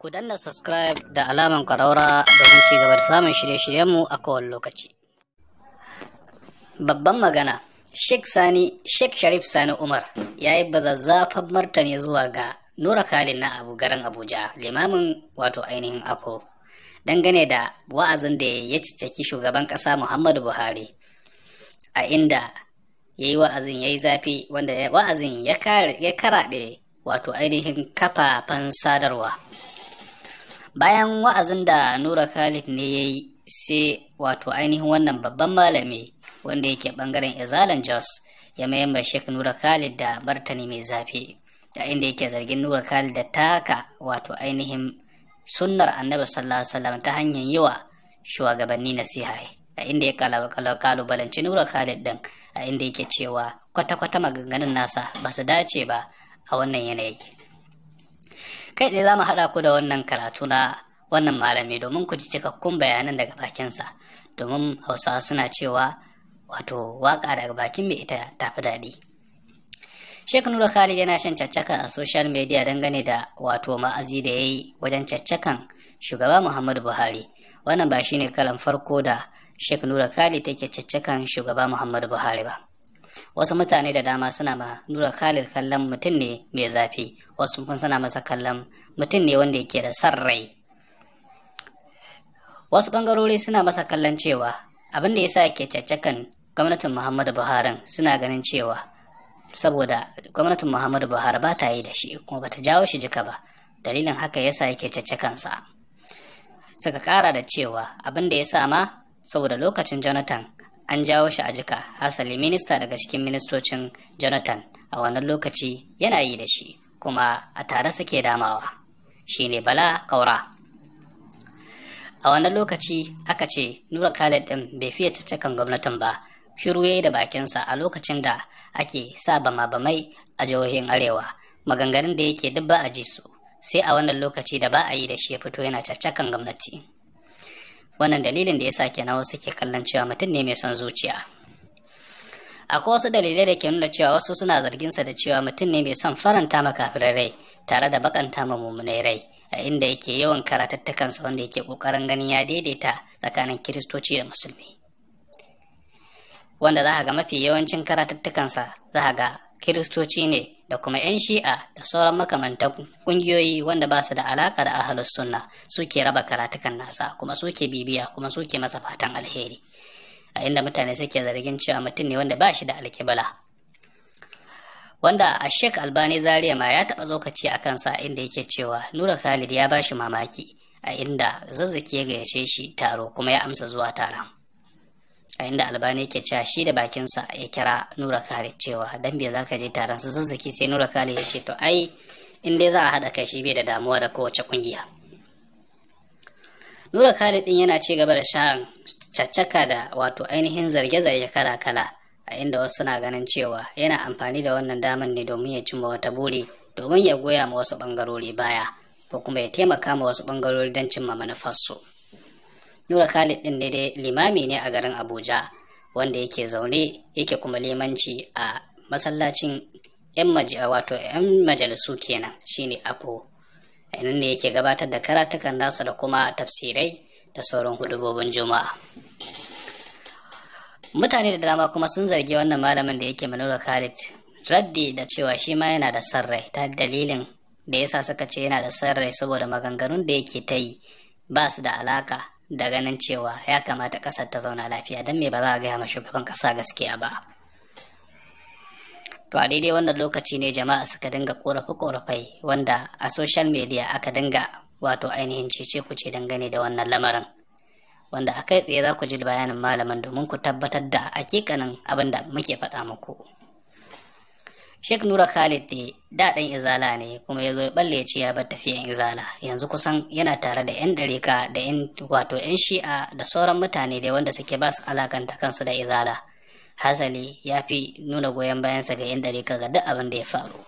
Ku danna subscribe da alaman ƙwararra domin ci gaba da samun shirye-shiryenmu a kowane lokaci. Babban magana, Sheikh Sani, Sheikh Sharif Sani Umar ya yi bazazzafan martani zuwa ga Nura Khalil na Abu garin Abuja, limamin wato ainihin Apo, Dangane da wa'azin da ya cicciki shugaban ƙasa Muhammadu Buhari a inda ya yi wa'azin ya yi zafi wanda wa'azin ya karaɗe wato ainihin kafafen sadarwa. bayan wa'azin da nura khalid ne ya yi sai wato ainihin wannan babban malami wanda yake bangaren izalan jos ya mayan da shek nura khalid da martani mai zafi a inda yake zargin nura khalid da taka wato ainihin sunnar annabi sallallahu ta hanyar yi wa shugabanni nasiha a inda ya kalubalanci nura khalid din a inda yake cewa kwata-kwata maganganun nasa ba su dace ba a wannan yanayi kai ne za mu haɗa ku da wannan karatu na wannan malami domin ku ji cikakkun bayanan daga bakinsa domin hausawa suna cewa wato waka daga bakin mai ita ta fi daɗi Sheikh Nura Khalid yana shan caccakan a social media dangane da wato ma'azi da ya yi wajen caccakan shugaba Muhammadu Buhari. Wannan ba shine kalan farko da Sheikh Nura Khalid take caccakan shugaba Muhammadu Buhari ba. wasu mutane da dama suna ma nura kalil kallon mutum ne mai zafi wasu kun suna masa kallon mutum ne wanda yake da san rai wasu bangarori suna masa kallon cewa abin da yasa ke caccakan gwamnatin muhammadu buhari suna ganin cewa saboda gwamnatin muhammadu buhari ba ta yi da shi kuma ba ta jawo shi jika ba dalilin haka ya yasa yake sa suka kara da cewa abinda ya sa ma saboda lokacin jonathan an jawo shi a jika hasali minista daga cikin ministocin jonathan a wannan lokaci yana yi da shi kuma a tare suke damawa shine bala kaura a wannan lokaci aka ce nura khalid din bai fiye caccakan gwamnatin ba shiru ya yi da bakinsa a lokacin da ake sa bama-bamai a jihohin arewa maganganun da yake duk ba a ji su sai a wannan lokaci da ba a yi da shi ya fito yana caccakan gwamnati wannan dalilin da ya sa kenan wasu ke kallon cewa mutum ne mai son zuciya akwai wasu dalilai da ke nuna cewa wasu suna zargin sa da cewa mutum ne mai son faranta ma kafirai rai tare da bakanta ma mummunai rai a inda yake yawan sa wanda yake kokarin ganin ya daidaita tsakanin kiristoci da musulmi wanda za ga mafi yawancin karatattukansa za ga kiristoci ne da kuma 'yan shi'a da sauran makamantar kungiyoyi wanda ba su da alaka da ahalus sunna suke raba karatukan nasa kuma suke bibiya kuma suke masa fatan alheri a inda mutane suke zargin cewa mutum ne wanda ba shi da alkibala wanda a shek albani Zariya ma ya taɓa zokaci a kansa inda yake cewa nura khalid ya ba shi mamaki a inda zazzaki ya gayyace shi taro kuma ya amsa zuwa taron a inda albani ke cewa shi da bakinsa ya kira nura kare cewa dan bai za je taron su zazzaki sai nura kare ya ce to ai in dai za a haɗa kai shi bai da damuwa da kowace kungiya nura kare din yana ci gaba da shan caccaka da wato ainihin zarge-zarge kala-kala a inda wasu suna ganin cewa yana amfani da wannan daman ne domin ya cimma wata buri domin ya goya ma wasu bangarori baya ko kuma ya taimaka ma wasu bangarori don cimma manufarsu. Nura Khalid ɗin ne dai limami ne a garin Abuja wanda yake zaune yake kuma limanci a masallacin 'yan wato 'yan majalisu kenan shine apo nan ne yake gabatar da karatukan nasa da kuma tafsirai da sauran hudubobin juma'a mutane da dama kuma sun zargi wannan malamin da yake manura khalid raddi da cewa shi ma yana da sarrai rai ta dalilin da yasa suka ce yana da sarrai saboda maganganun da yake ta yi ba su da alaka da ganin cewa ya kamata ƙasar ta zauna lafiya don me ba za a gaya ma shugaban ƙasa gaskiya ba to a daidai wannan lokaci ne jama'a suka dinga korafe korafai wanda a social media aka dinga wato ainihin cece ce dangane da wannan lamarin wanda a kai tsaye za ku ji bayanin malamin domin ku tabbatar da hakikanin abin da muke faɗa muku. Sheikh Nura Khalid da izala ne kuma ya zo ya balle ya ce ya bar tafiyan izala yanzu kusan yana tare da 'yan ɗarika da 'yan wato 'yan shi'a da sauran mutane da wanda suke ba su alakanta kansu da izala. Hasali ya fi nuna goyon bayansa ga 'yan ɗarika ga duk abin da ya faru.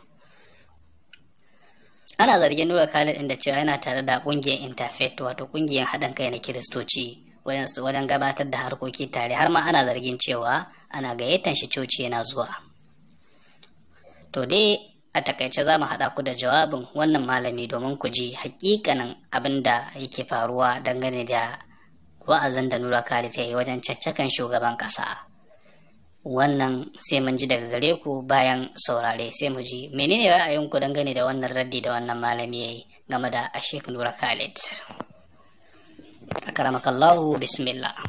Ana zargin Nura Khalid da cewa yana tare da ƙungiyar Interfaith wato ƙungiyar haɗin kai na Kiristoci. wajen gabatar da harkoki tare har ma ana zargin cewa ana gayyatar shi coci yana zuwa. To dai a takaice za mu haɗa ku da jawabin wannan malami domin ku ji hakikanin abin da yake faruwa dangane da wa'azin da Nura Kali ta yi wajen caccakan shugaban ƙasa. Wannan sai mun ji daga gare ku bayan saurare sai mu ji menene ra'ayinku dangane da wannan raddi da wannan malami ya yi game da Ashik Nura Khalid. Akaramakallahu bismillah.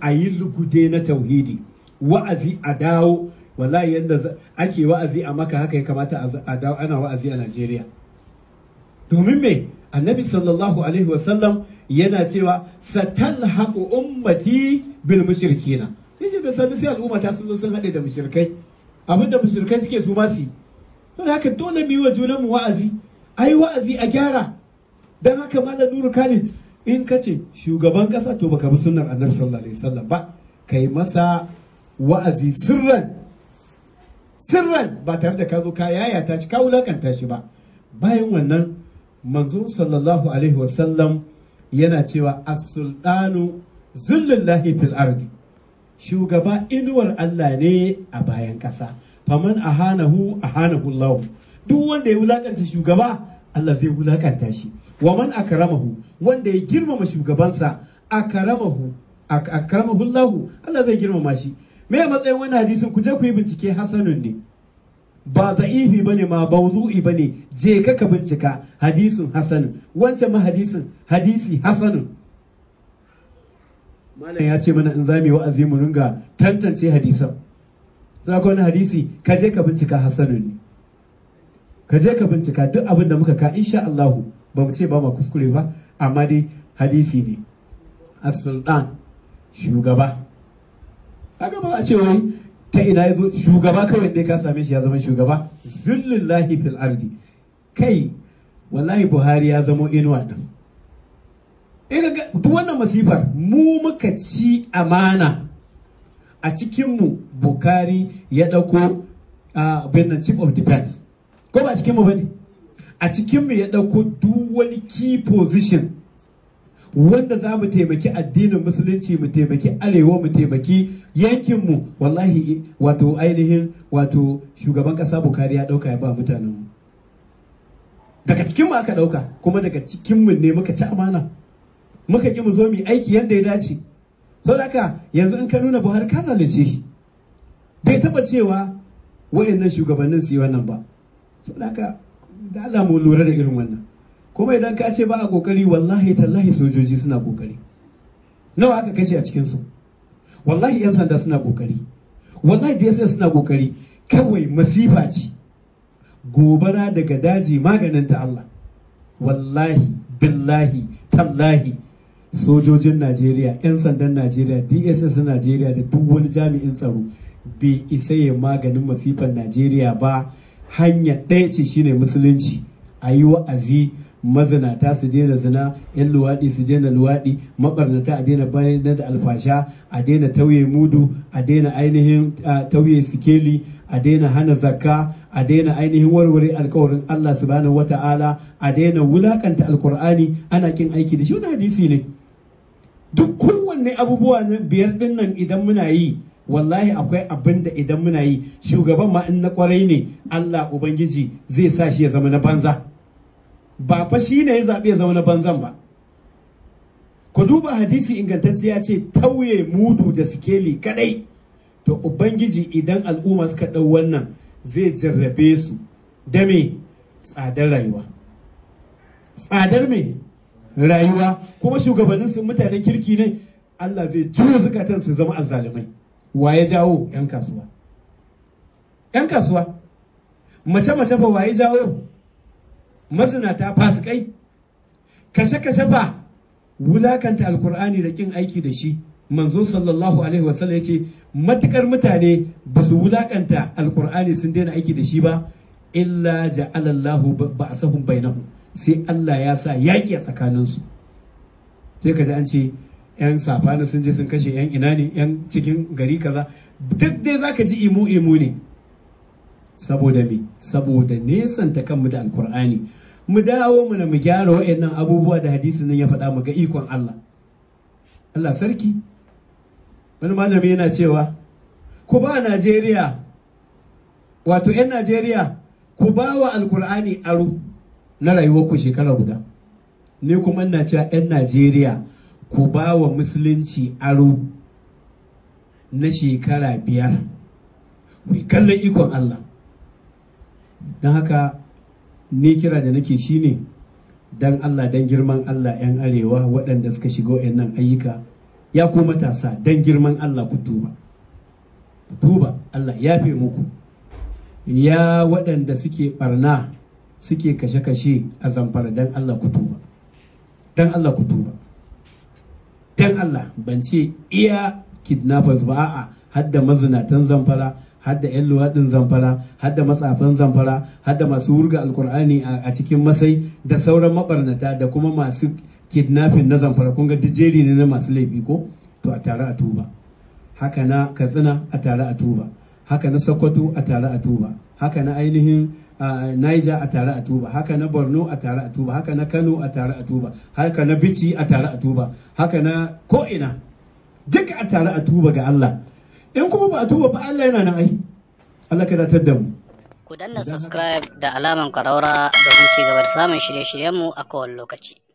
A yi lugude na tauhidi, wa'azi a dawo wallahi yadda ake wa'azi a maka haka ya kamata a ana wa'azi a najeriya domin me annabi sallallahu alaihi wasallam yana cewa satalhaqu ummati bil na. yace da Sani sai al'umma ta sun zo sun haɗe da mushrikai da mushrikai suke su ma su to haka dole mu yi wa mu wa'azi ai wa'azi a gyara dan haka malam nuru khalid in ka ce shugaban kasa to baka bi sunnar annabi sallallahu alaihi wasallam ba kai masa wa'azi sirran sirran ba tare da ka zo ka yayata shi ka wulakanta shi ba bayan wannan manzo sallallahu alaihi wasallam yana cewa as-sultanu zullullahi fil ardi shugaba inuwar Allah ne a bayan ƙasa faman ahanahu ahanahu Allah duk wanda ya wulakanta shugaba Allah zai wulakanta shi wa man akramahu wanda ya girmama shugabansa akramahu akramahu Allah Allah zai girmama shi me matsayin wani hadisin ku je ku yi bincike hasanun ne ba ba ne ma ba ba ne je ka ka bincika hadisin hasanun wancan ma hadisin hadisi hasanun malam ya ce mana in za mu yi wa'azi mu ringa tantance hadisan za ka wani hadisi ka je ka bincika hasanun ne ka je ka bincika duk abin da muka ka sha Allahu ba mu ce ba ma kuskure ba amma dai hadisi ne as-sultan shugaba kaga ba za a ce wai ta ina ya zo shugaba kawai dai ka same shi ya zama shugaba zullullahi fil ardi kai wallahi buhari ya zama inuwa din eh, duk wannan masifar mu muka ci amana a cikinmu bukari ya ɗauko benin chief of defense ko ba a cikinmu ba ne a cikinmu ya ɗauko duk wani key position wanda za mu taimaki addinin musulunci mu taimaki arewa mu taimaki yankinmu wallahi wato ainihin wato shugaban kasa bukari ya dauka ya ba mutanenmu daga cikin aka dauka kuma daga cikinmu ne muka ci amana muka ki mu zo mu aiki yadda ya dace saboda yanzu in ka nuna buhari ka zalunce shi bai taba cewa wayannan shugabannin su yi wannan ba saboda haka da Allah mu lura da irin wannan kuma idan ka ce ba a kokari wallahi tallahi sojoji suna kokari nawa aka kashe a cikin su wallahi yan sanda suna kokari wallahi DSS suna kokari kawai masifa ce gobara daga daji maganin ta Allah wallahi billahi tallahi sojojin Najeriya yan sandan Najeriya DSS Najeriya da duk wani jami'in tsaro bai isa ya maganin masifan Najeriya ba hanya ɗaya ce shine musulunci a yi wa'azi mazinata su daina zina yan luwaɗi su daina luwaɗi maɓarnata a daina bayan da alfasha a daina tauye mudu a daina ainihin tauye sikeli a daina hana zakka a daina ainihin warware alkawarin Allah subhanahu wata'ala a daina wulakanta alkur'ani ana kin aiki da shi wani hadisi ne duk kowanne abubuwa na biyar din nan idan muna yi wallahi akwai abin da idan muna yi shugaban ma in na kwarai ne Allah ubangiji zai sa shi ya zama na banza ba fa shi ne ya zaɓe na banzan ba ku duba hadisi ingantacce ya ce tauye mudu da sikeli kadai to ubangiji idan al'umma suka ɗau wannan zai jarrabe su da me tsadar rayuwa tsadar me rayuwa kuma shugabannin su mutanen kirki ne Allah zai juya zukatan su zama azzalumai wa ya jawo yan kasuwa yan kasuwa mace mace fa wa ya jawo mazinata fasikai kashe-kashe ba wulakanta alkur'ani da kin aiki da shi manzo sallallahu alaihi wasallam ya ce matukar mutane ba su wulakanta alkur'ani sun daina aiki da shi ba illa ja'alallahu ba'asahum bainahu sai Allah ya sa yaki a tsakaninsu sai kaji ji an ce yan safana sun je sun kashe yan ina ne yan cikin gari kaza duk dai zaka ji imu imu ne saboda me saboda ta kanmu da alkur'ani mu dawo mu na mu gyara wa'annan abubuwa da hadisi nan ya faɗa mu ga ikon Allah Allah sarki wani malami yana cewa ku ba Najeriya wato 'yan Najeriya ku ba wa alkur'ani aro na rayuwar ku shekara guda ne kuma ina cewa 'yan Najeriya ku ba wa musulunci aro na shekara biyar ku kallon ikon Allah don haka ni kira da nake shine dan Allah dan girman Allah 'yan arewa waɗanda suka shigo nan ayyuka ya ku matasa dan girman Allah ku tuba tuba Allah ya fi muku ya waɗanda suke barna suke kashe-kashe a zamfara dan Allah ku tuba dan Allah ku tuba dan Allah ban ce iya kidnappers ba a'a hadda da mazinatan zamfara Hadda 'yan luwaɗin zamfara hadda matsafin zamfara hadda masu wurga alkur'ani a cikin masai da sauran mabarnata da kuma masu kidnapping na zamfara kun ga jeri ne na masu laifi ko to a tare a tuba haka na katsina a tare a tuba haka na sokoto a tare a tuba haka na ainihin Niger a tare a tuba haka na Borno a tare a tuba haka na Kano a tare a tuba haka na Bichi a tare a tuba haka na ko'ina duk a tare a tuba ga Allah in kuma ba a tuba ba Allah yana na ai Allah ka datar da mu ku danna subscribe da alamar karaura domin ci gaba da samun shirye-shiryenmu a kowane lokaci